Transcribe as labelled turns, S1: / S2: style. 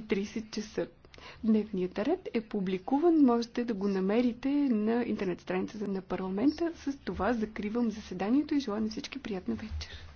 S1: 12.30 часа. Дневният ред е публикуван, можете да го намерите на интернет страницата на парламента. С това закривам заседанието и желая на всички приятна вечер.